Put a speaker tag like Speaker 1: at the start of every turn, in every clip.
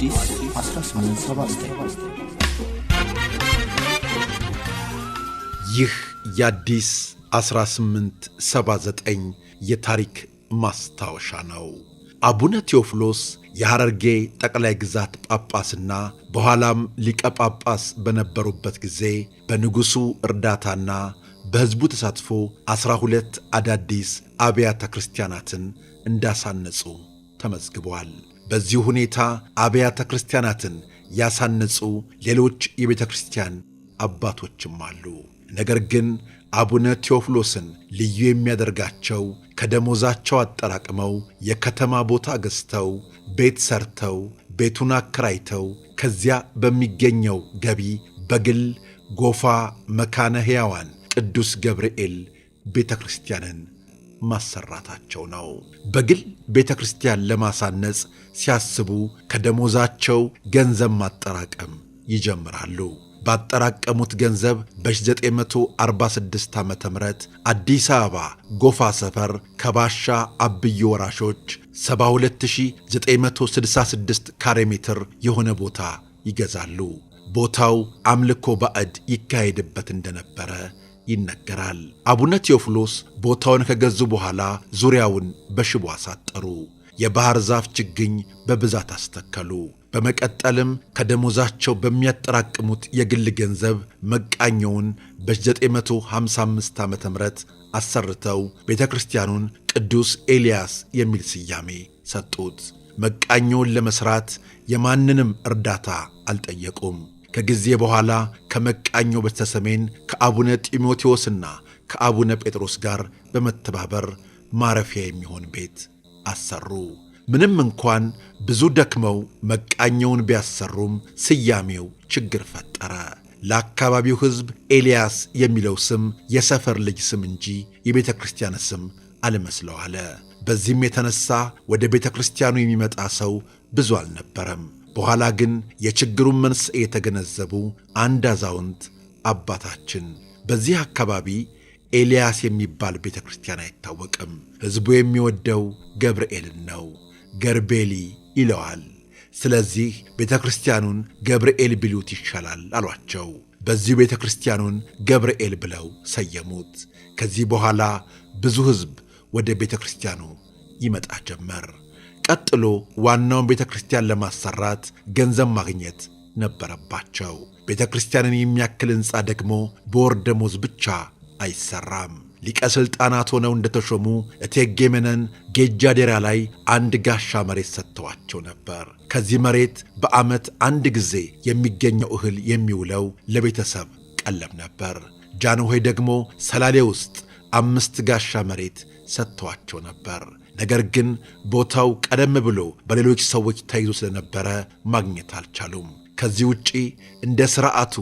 Speaker 1: አዲስ 1879 ይህ የአዲስ 1879 የታሪክ ማስታወሻ ነው። አቡነ ቴዎፍሎስ የሐረርጌ ጠቅላይ ግዛት ጳጳስና በኋላም ሊቀ ጳጳስ በነበሩበት ጊዜ በንጉሡ እርዳታና በሕዝቡ ተሳትፎ ዐሥራ ሁለት አዳዲስ አብያተ ክርስቲያናትን እንዳሳነጹ ተመዝግበዋል። በዚህ ሁኔታ አብያተ ክርስቲያናትን ያሳነጹ ሌሎች የቤተ ክርስቲያን አባቶችም አሉ። ነገር ግን አቡነ ቴዎፍሎስን ልዩ የሚያደርጋቸው ከደሞዛቸው አጠራቅመው የከተማ ቦታ ገዝተው ቤት ሰርተው ቤቱን አከራይተው ከዚያ በሚገኘው ገቢ በግል ጎፋ መካነ ሕያዋን ቅዱስ ገብርኤል ቤተ ክርስቲያንን ማሰራታቸው ነው። በግል ቤተ ክርስቲያን ለማሳነጽ ሲያስቡ ከደሞዛቸው ገንዘብ ማጠራቀም ይጀምራሉ። ባጠራቀሙት ገንዘብ በ1946 ዓ ም አዲስ አበባ ጎፋ ሰፈር ከባሻ አብዮ ወራሾች 72966 ካሬ ሜትር የሆነ ቦታ ይገዛሉ። ቦታው አምልኮ ባዕድ ይካሄድበት እንደነበረ ይነገራል። አቡነ ቴዎፍሎስ ቦታውን ከገዙ በኋላ ዙሪያውን በሽቦ አሳጠሩ። የባሕር ዛፍ ችግኝ በብዛት አስተከሉ። በመቀጠልም ከደሞዛቸው በሚያጠራቅሙት የግል ገንዘብ መቃኘውን በ955 ዓ ም አሰርተው ቤተ ክርስቲያኑን ቅዱስ ኤልያስ የሚል ስያሜ ሰጡት። መቃኘውን ለመሥራት የማንንም እርዳታ አልጠየቁም። ከጊዜ በኋላ ከመቃኞ በስተሰሜን ከአቡነ ጢሞቴዎስና ከአቡነ ጴጥሮስ ጋር በመተባበር ማረፊያ የሚሆን ቤት አሰሩ። ምንም እንኳን ብዙ ደክመው መቃኘውን ቢያሰሩም ስያሜው ችግር ፈጠረ። ለአካባቢው ሕዝብ ኤልያስ የሚለው ስም የሰፈር ልጅ ስም እንጂ የቤተ ክርስቲያን ስም አልመስለው አለ። በዚህም የተነሳ ወደ ቤተ ክርስቲያኑ የሚመጣ ሰው ብዙ አልነበረም። በኋላ ግን የችግሩን መንስኤ የተገነዘቡ አንድ አዛውንት አባታችን በዚህ አካባቢ ኤልያስ የሚባል ቤተ ክርስቲያን አይታወቅም፣ ሕዝቡ የሚወደው ገብርኤልን ነው፣ ገርቤሊ ይለዋል። ስለዚህ ቤተ ክርስቲያኑን ገብርኤል ቢሉት ይሻላል አሏቸው። በዚሁ ቤተ ክርስቲያኑን ገብርኤል ብለው ሰየሙት። ከዚህ በኋላ ብዙ ሕዝብ ወደ ቤተ ክርስቲያኑ ይመጣ ጀመር። ቀጥሎ ዋናውን ቤተ ክርስቲያን ለማሰራት ገንዘብ ማግኘት ነበረባቸው። ቤተ ክርስቲያንን የሚያክል ሕንፃ ደግሞ በወር ደሞዝ ብቻ አይሰራም። ሊቀ ሥልጣናት ሆነው እንደተሾሙ እቴጌ መነን ጌጃዴራ ላይ አንድ ጋሻ መሬት ሰጥተዋቸው ነበር። ከዚህ መሬት በዓመት አንድ ጊዜ የሚገኘው እህል የሚውለው ለቤተሰብ ቀለብ ነበር። ጃንሆይ ደግሞ ሰላሌ ውስጥ አምስት ጋሻ መሬት ሰጥተዋቸው ነበር። ነገር ግን ቦታው ቀደም ብሎ በሌሎች ሰዎች ተይዞ ስለነበረ ማግኘት አልቻሉም። ከዚህ ውጪ እንደ ሥርዓቱ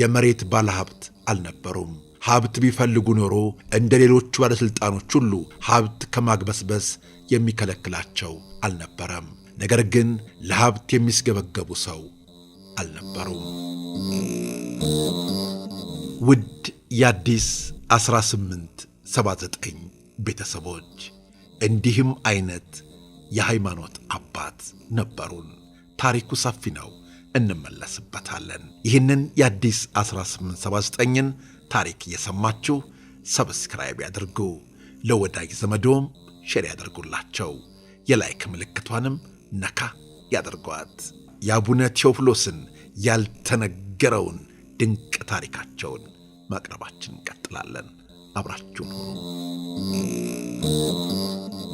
Speaker 1: የመሬት ባለሀብት አልነበሩም። ሀብት ቢፈልጉ ኖሮ እንደ ሌሎቹ ባለሥልጣኖች ሁሉ ሀብት ከማግበስበስ የሚከለክላቸው አልነበረም። ነገር ግን ለሀብት የሚስገበገቡ ሰው አልነበሩም። ውድ የአዲስ 1879 ቤተሰቦች እንዲህም አይነት የሃይማኖት አባት ነበሩን። ታሪኩ ሰፊ ነው፣ እንመለስበታለን። ይህንን የአዲስ 1879ን ታሪክ እየሰማችሁ ሰብስክራይብ ያድርጉ። ለወዳጅ ዘመዶም ሼር ያደርጉላቸው። የላይክ ምልክቷንም ነካ ያደርጓት። የአቡነ ቴዎፍሎስን ያልተነገረውን ድንቅ ታሪካቸውን ማቅረባችን እንቀጥላለን። አብራችሁን ሁኑ።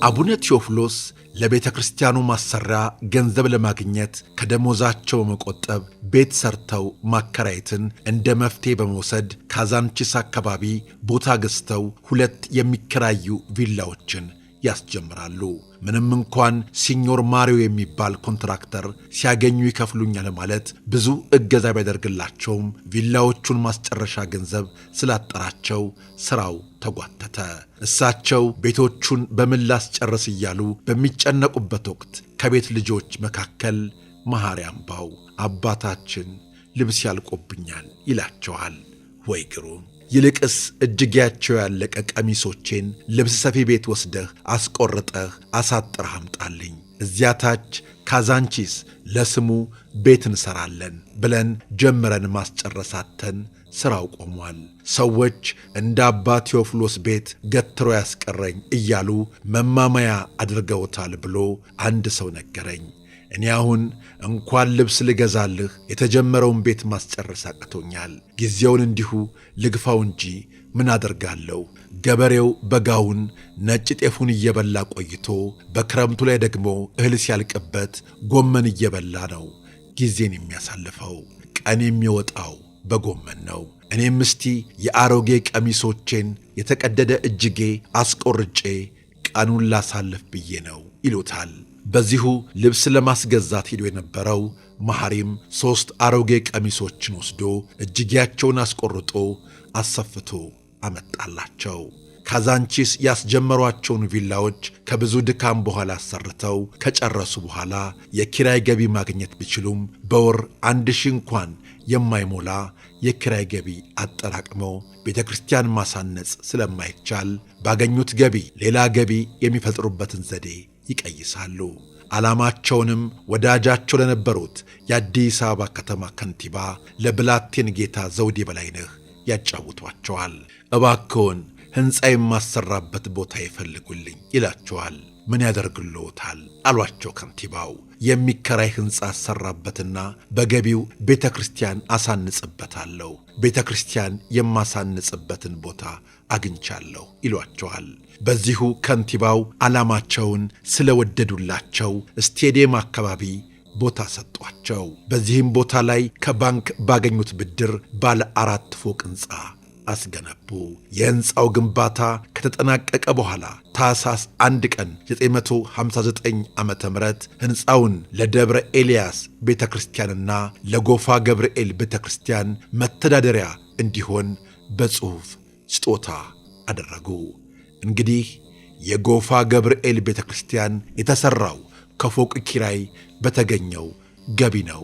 Speaker 1: አቡነ ቴዎፍሎስ ለቤተ ክርስቲያኑ ማሰራ ገንዘብ ለማግኘት ከደሞዛቸው በመቆጠብ ቤት ሰርተው ማከራየትን እንደ መፍትሄ በመውሰድ ካዛንቺስ አካባቢ ቦታ ገዝተው ሁለት የሚከራዩ ቪላዎችን ያስጀምራሉ። ምንም እንኳን ሲኞር ማሪዮ የሚባል ኮንትራክተር ሲያገኙ ይከፍሉኛል ማለት ብዙ እገዛ ቢያደርግላቸውም ቪላዎቹን ማስጨረሻ ገንዘብ ስላጠራቸው ስራው ተጓተተ። እሳቸው ቤቶቹን በምን ላስጨርስ እያሉ በሚጨነቁበት ወቅት ከቤት ልጆች መካከል መሐሪ አምባው አባታችን ልብስ ያልቆብኛል ይላቸዋል። ወይ ግሩም! ይልቅስ እጅጌያቸው ያለቀ ቀሚሶቼን ልብስ ሰፊ ቤት ወስደህ አስቆርጠህ አሳጥረህ አምጣልኝ። እዚያ ታች ካዛንቺስ ለስሙ ቤት እንሰራለን ብለን ጀምረን ማስጨረሳተን ሥራው ቆሟል። ሰዎች እንደ አባ ቴዎፍሎስ ቤት ገትሮ ያስቀረኝ እያሉ መማመያ አድርገውታል ብሎ አንድ ሰው ነገረኝ። እኔ አሁን እንኳን ልብስ ልገዛልህ የተጀመረውን ቤት ማስጨረስ አቅቶኛል። ጊዜውን እንዲሁ ልግፋው እንጂ ምን አደርጋለሁ? ገበሬው በጋውን ነጭ ጤፉን እየበላ ቆይቶ በክረምቱ ላይ ደግሞ እህል ሲያልቅበት ጎመን እየበላ ነው ጊዜን የሚያሳልፈው። ቀን የሚወጣው በጎመን ነው። እኔም እስቲ የአሮጌ ቀሚሶቼን የተቀደደ እጅጌ አስቆርጬ ቀኑን ላሳልፍ ብዬ ነው ይሉታል። በዚሁ ልብስ ለማስገዛት ሄዶ የነበረው መሐሪም ሦስት አሮጌ ቀሚሶችን ወስዶ እጅጌያቸውን አስቆርጦ አሰፍቶ አመጣላቸው። ካዛንቺስ ያስጀመሯቸውን ቪላዎች ከብዙ ድካም በኋላ አሰርተው ከጨረሱ በኋላ የኪራይ ገቢ ማግኘት ቢችሉም በወር አንድ ሺህ እንኳን የማይሞላ የኪራይ ገቢ አጠራቅመው ቤተ ክርስቲያን ማሳነጽ ስለማይቻል ባገኙት ገቢ ሌላ ገቢ የሚፈጥሩበትን ዘዴ ይቀይሳሉ። ዓላማቸውንም ወዳጃቸው ለነበሩት የአዲስ አበባ ከተማ ከንቲባ ለብላቴን ጌታ ዘውዴ በላይነህ ያጫውቷቸዋል። እባክዎን ሕንፃ የማሰራበት ቦታ ይፈልጉልኝ ይላቸዋል። ምን ያደርግልዎታል አሏቸው ከንቲባው። የሚከራይ ሕንፃ አሰራበትና በገቢው ቤተ ክርስቲያን አሳንጽበታለሁ፣ ቤተ ክርስቲያን የማሳንጽበትን ቦታ አግኝቻለሁ ይሏቸዋል። በዚሁ ከንቲባው ዓላማቸውን ስለወደዱላቸው ስቴዲየም አካባቢ ቦታ ሰጧቸው። በዚህም ቦታ ላይ ከባንክ ባገኙት ብድር ባለ አራት ፎቅ ሕንፃ አስገነቡ። የሕንፃው ግንባታ ከተጠናቀቀ በኋላ ታኅሳስ 1 ቀን 959 ዓ ም ሕንፃውን ለደብረ ኤልያስ ቤተ ክርስቲያንና ለጎፋ ገብርኤል ቤተ ክርስቲያን መተዳደሪያ እንዲሆን በጽሑፍ ስጦታ አደረጉ። እንግዲህ የጎፋ ገብርኤል ቤተ ክርስቲያን የተሠራው ከፎቅ ኪራይ በተገኘው ገቢ ነው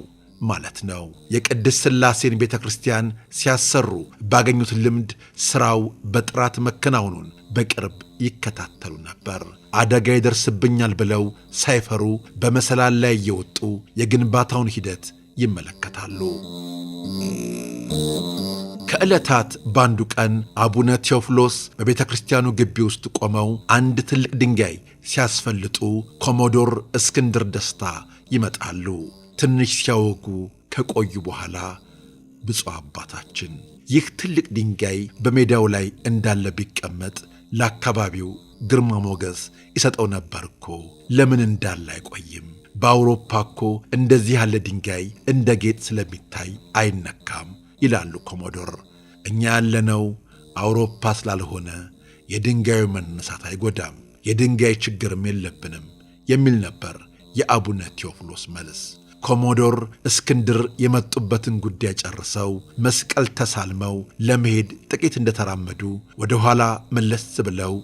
Speaker 1: ማለት ነው። የቅድስት ሥላሴን ቤተ ክርስቲያን ሲያሰሩ ባገኙት ልምድ ሥራው በጥራት መከናወኑን በቅርብ ይከታተሉ ነበር። አደጋ ይደርስብኛል ብለው ሳይፈሩ በመሰላል ላይ እየወጡ የግንባታውን ሂደት ይመለከታሉ። ከዕለታት በአንዱ ቀን አቡነ ቴዎፍሎስ በቤተ ክርስቲያኑ ግቢ ውስጥ ቆመው አንድ ትልቅ ድንጋይ ሲያስፈልጡ ኮሞዶር እስክንድር ደስታ ይመጣሉ። ትንሽ ሲያወጉ ከቆዩ በኋላ ብፁዕ አባታችን ይህ ትልቅ ድንጋይ በሜዳው ላይ እንዳለ ቢቀመጥ ለአካባቢው ግርማ ሞገስ ይሰጠው ነበር እኮ ለምን እንዳለ አይቆይም? በአውሮፓ እኮ እንደዚህ ያለ ድንጋይ እንደ ጌጥ ስለሚታይ አይነካም ይላሉ ኮሞዶር። እኛ ያለነው አውሮፓ ስላልሆነ የድንጋዩ መነሳት አይጎዳም፣ የድንጋይ ችግርም የለብንም የሚል ነበር የአቡነ ቴዎፍሎስ መልስ። ኮሞዶር እስክንድር የመጡበትን ጉዳይ ጨርሰው መስቀል ተሳልመው ለመሄድ ጥቂት እንደተራመዱ ወደ ኋላ መለስ ብለው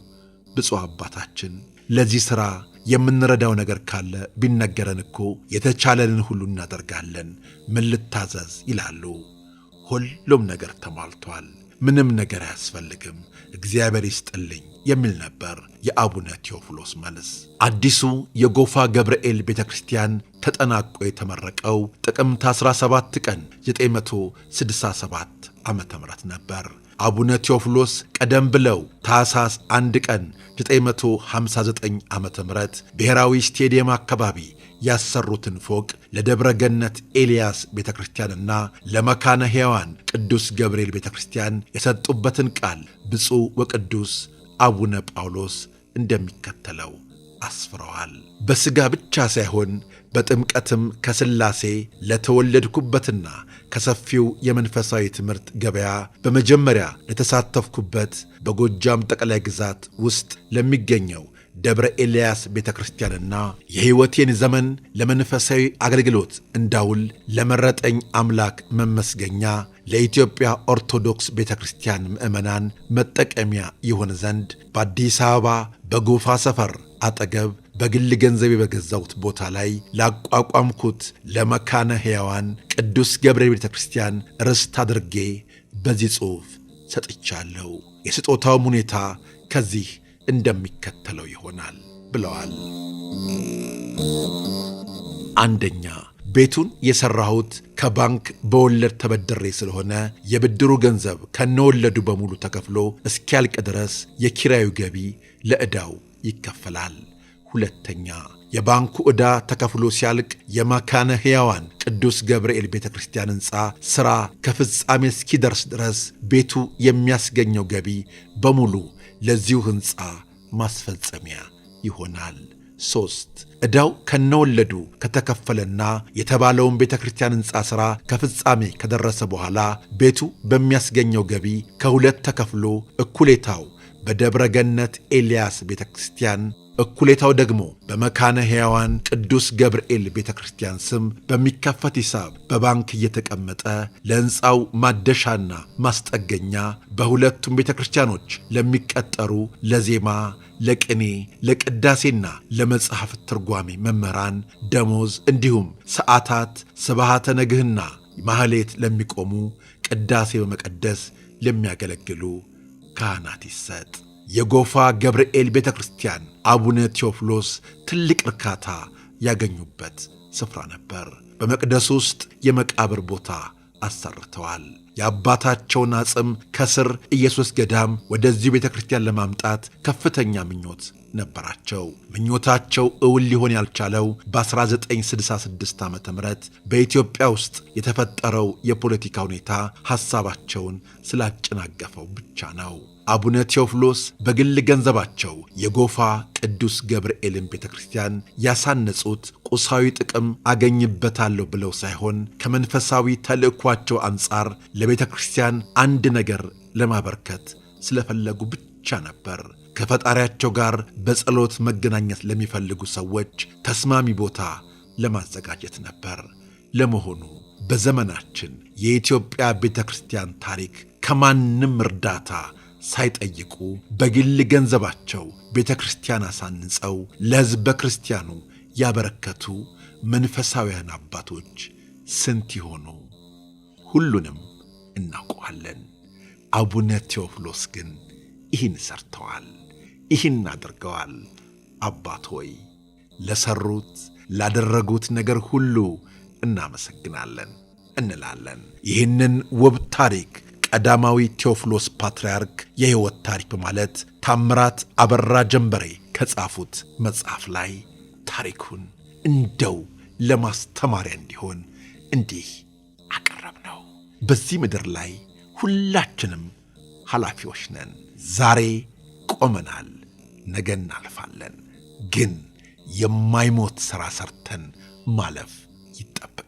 Speaker 1: ብፁዕ አባታችን ለዚህ ሥራ የምንረዳው ነገር ካለ ቢነገረን እኮ የተቻለንን ሁሉ እናደርጋለን፣ ምን ልታዘዝ ይላሉ። ሁሉም ነገር ተሟልቷል፣ ምንም ነገር አያስፈልግም፣ እግዚአብሔር ይስጥልኝ የሚል ነበር የአቡነ ቴዎፍሎስ መልስ። አዲሱ የጎፋ ገብርኤል ቤተ ክርስቲያን ተጠናቆ የተመረቀው ጥቅምት 17 ቀን 967 ዓ ም ነበር። አቡነ ቴዎፍሎስ ቀደም ብለው ታኅሳስ 1 ቀን 959 ዓ ም ብሔራዊ ስቴዲየም አካባቢ ያሰሩትን ፎቅ ለደብረ ገነት ኤልያስ ቤተ ክርስቲያንና ለመካነ ሕያዋን ቅዱስ ገብርኤል ቤተ ክርስቲያን የሰጡበትን ቃል ብፁዕ ወቅዱስ አቡነ ጳውሎስ እንደሚከተለው አስፍረዋል። በሥጋ ብቻ ሳይሆን በጥምቀትም ከሥላሴ ለተወለድኩበትና ከሰፊው የመንፈሳዊ ትምህርት ገበያ በመጀመሪያ ለተሳተፍኩበት በጎጃም ጠቅላይ ግዛት ውስጥ ለሚገኘው ደብረ ኤልያስ ቤተ ክርስቲያንና የሕይወቴን ዘመን ለመንፈሳዊ አገልግሎት እንዳውል ለመረጠኝ አምላክ መመስገኛ ለኢትዮጵያ ኦርቶዶክስ ቤተ ክርስቲያን ምዕመናን መጠቀሚያ ይሆን ዘንድ በአዲስ አበባ በጎፋ ሰፈር አጠገብ በግል ገንዘብ የበገዛሁት ቦታ ላይ ላቋቋምኩት ለመካነ ሕያዋን ቅዱስ ገብርኤል ቤተ ክርስቲያን ርስት አድርጌ በዚህ ጽሑፍ ሰጥቻለሁ። የስጦታውም ሁኔታ ከዚህ እንደሚከተለው ይሆናል ብለዋል። አንደኛ ቤቱን የሰራሁት ከባንክ በወለድ ተበድሬ ስለሆነ የብድሩ ገንዘብ ከነወለዱ በሙሉ ተከፍሎ እስኪያልቅ ድረስ የኪራዩ ገቢ ለዕዳው ይከፈላል። ሁለተኛ የባንኩ ዕዳ ተከፍሎ ሲያልቅ የመካነ ሕያዋን ቅዱስ ገብርኤል ቤተ ክርስቲያን ሕንፃ ሥራ ከፍጻሜ እስኪደርስ ድረስ ቤቱ የሚያስገኘው ገቢ በሙሉ ለዚሁ ሕንፃ ማስፈጸሚያ ይሆናል። ሶስት ዕዳው ከነወለዱ ከተከፈለና የተባለውን ቤተ ክርስቲያን ሕንፃ ሥራ ከፍጻሜ ከደረሰ በኋላ ቤቱ በሚያስገኘው ገቢ ከሁለት ተከፍሎ እኩሌታው በደብረገነት ኤልያስ ቤተ ክርስቲያን እኩሌታው ደግሞ በመካነ ሕያዋን ቅዱስ ገብርኤል ቤተ ክርስቲያን ስም በሚከፈት ሂሳብ በባንክ እየተቀመጠ ለሕንፃው ማደሻና ማስጠገኛ በሁለቱም ቤተ ክርስቲያኖች ለሚቀጠሩ ለዜማ፣ ለቅኔ፣ ለቅዳሴና ለመጽሐፍ ትርጓሜ መምህራን ደሞዝ እንዲሁም ሰዓታት፣ ስብሃተ ነግህና ማህሌት ለሚቆሙ ቅዳሴ በመቀደስ ለሚያገለግሉ ካህናት ይሰጥ። የጎፋ ገብርኤል ቤተ ክርስቲያን አቡነ ቴዎፍሎስ ትልቅ እርካታ ያገኙበት ስፍራ ነበር። በመቅደስ ውስጥ የመቃብር ቦታ አሰርተዋል። የአባታቸውን አጽም ከስር ኢየሱስ ገዳም ወደዚሁ ቤተ ክርስቲያን ለማምጣት ከፍተኛ ምኞት ነበራቸው። ምኞታቸው እውን ሊሆን ያልቻለው በ1966 ዓ ም በኢትዮጵያ ውስጥ የተፈጠረው የፖለቲካ ሁኔታ ሐሳባቸውን ስላጨናገፈው ብቻ ነው። አቡነ ቴዎፍሎስ በግል ገንዘባቸው የጎፋ ቅዱስ ገብርኤልን ቤተ ክርስቲያን ያሳነጹት ቁሳዊ ጥቅም አገኝበታለሁ ብለው ሳይሆን ከመንፈሳዊ ተልእኳቸው አንጻር ለቤተ ክርስቲያን አንድ ነገር ለማበርከት ስለፈለጉ ብቻ ነበር። ከፈጣሪያቸው ጋር በጸሎት መገናኘት ለሚፈልጉ ሰዎች ተስማሚ ቦታ ለማዘጋጀት ነበር። ለመሆኑ በዘመናችን የኢትዮጵያ ቤተ ክርስቲያን ታሪክ ከማንም እርዳታ ሳይጠይቁ በግል ገንዘባቸው ቤተ ክርስቲያን አሳንጸው ለሕዝበ ክርስቲያኑ ያበረከቱ መንፈሳውያን አባቶች ስንት ይሆኑ? ሁሉንም እናውቀዋለን። አቡነ ቴዎፍሎስ ግን ይህን ሰርተዋል፣ ይህን አድርገዋል። አባት ሆይ ለሰሩት ላደረጉት ነገር ሁሉ እናመሰግናለን እንላለን። ይህንን ውብ ታሪክ ቀዳማዊ ቴዎፍሎስ ፓትርያርክ የሕይወት ታሪክ በማለት ታምራት አበራ ጀንበሬ ከጻፉት መጽሐፍ ላይ ታሪኩን እንደው ለማስተማሪያ እንዲሆን እንዲህ አቀረብ ነው። በዚህ ምድር ላይ ሁላችንም ኃላፊዎች ነን። ዛሬ ቆመናል፣ ነገ እናልፋለን። ግን የማይሞት ሥራ ሰርተን ማለፍ ይጠበቃል።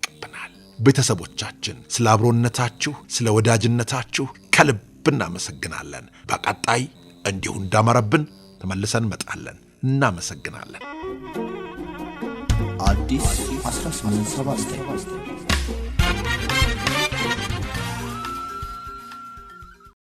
Speaker 1: ቤተሰቦቻችን ስለ አብሮነታችሁ፣ ስለ ወዳጅነታችሁ ከልብ እናመሰግናለን። በቀጣይ እንዲሁ እንዳመረብን ተመልሰን እንመጣለን። እናመሰግናለን። አዲስ 1879